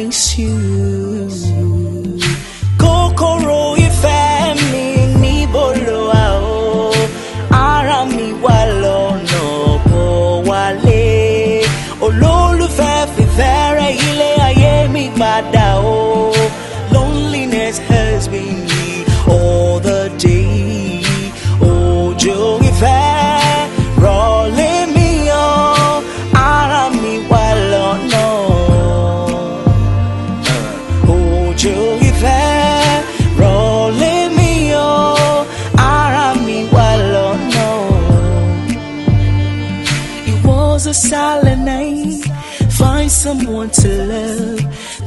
coming soon. Kòkòrò ìfẹ́ mi ni lo wà o? Ara mi wà silent night. Find someone to love.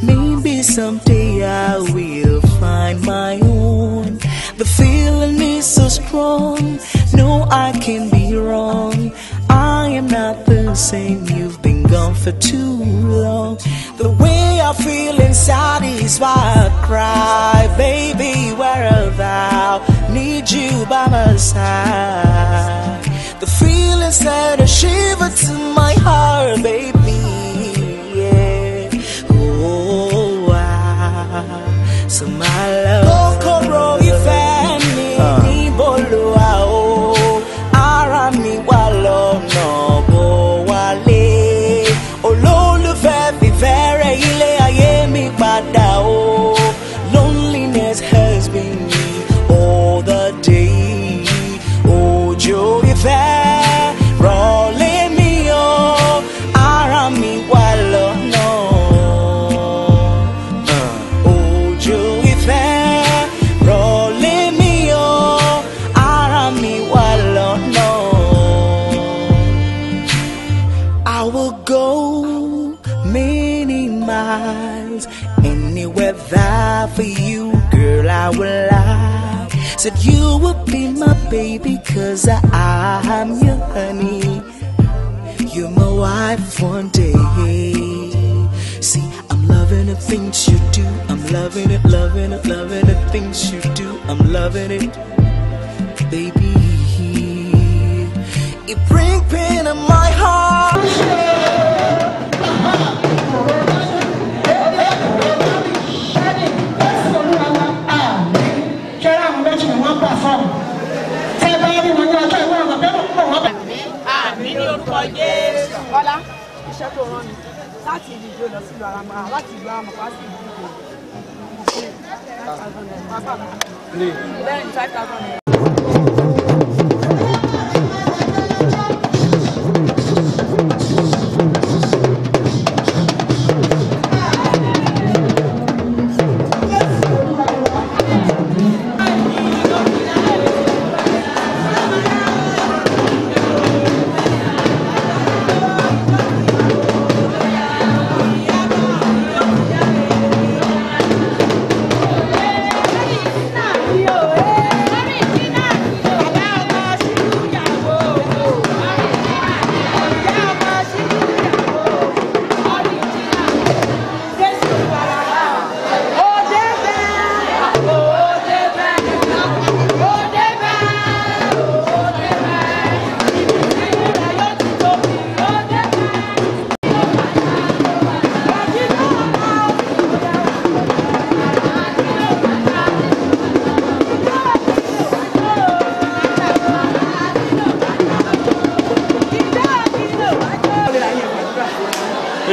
Maybe someday I will find my own. The feeling is so strong. No, I can be wrong. I am not the same. You've been gone for too long. The way I feel inside is why I cry. Baby, where are thou? Need you by my side. The feeling's that are shiver to my heart, baby for you, girl, I will lie. Said you would be my baby, cause I, I'm your honey. You're my wife one day. See, I'm loving the things you do. I'm loving it, loving it, loving the things you do. I'm loving it, baby. It brings pain in my heart. Jésù. Ọlá iṣẹ́ tó rán mi láti ìlú ìjọ lọ sílùú Àràmà láti ìlú Àràmà wá sí ìlú Ìjọ. Bẹ́ẹ̀ni five thousand naira.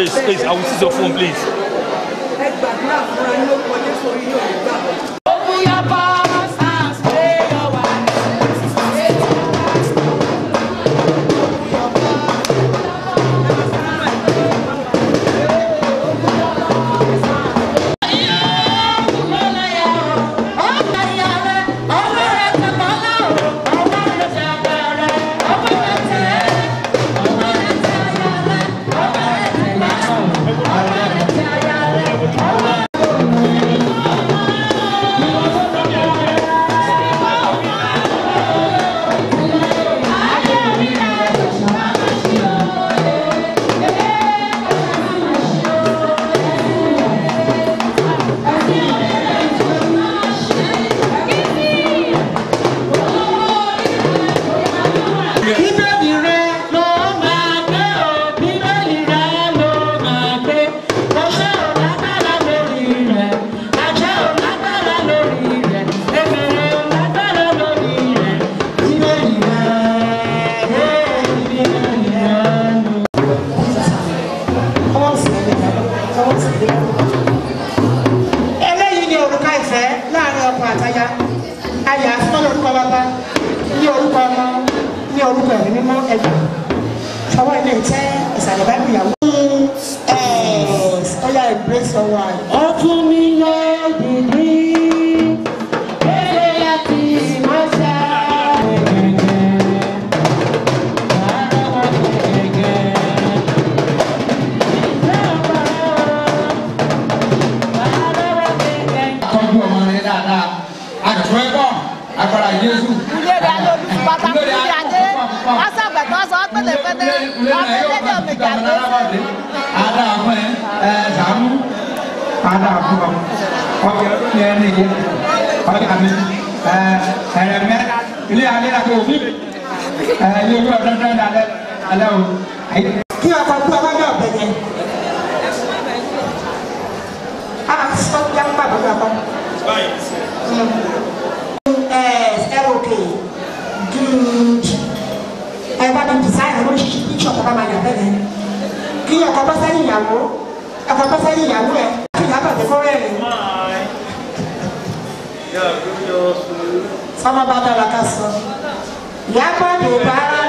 Please, please, I will see your phone, please. ẹ̀mí mímọ́ ẹ̀dùn fọwọ́ ilé tẹ́ ìsàlẹ̀ báyìí ìyàwó. ọ̀yà embrace your wife. ọtún mi yọ dìdí. Agbára Jésù. Ilé rẹ̀ alóòlù pátá. Ilé rẹ̀ alóòlù wọ́n sàgbẹ̀ tó sọ pẹ̀lẹ́pẹ̀lẹ́ ọ̀pẹ̀lẹ́dẹ̀ ada apa ya eh kamu ada apa kamu oke ya ini ya oke amin eh eh mer ini ada aku ubi eh ini gua udah udah ada ada kí apa gua kan gak bẹ̀rẹ̀ ah sọ yang apa gua kan baik ẹ̀ka bá sẹ́yìn ìyàwó ya? bá sẹ́yìn ìyàwó ẹ̀ kí ìyá bàtẹ́ kó rẹ̀ rìn. sọmọ bá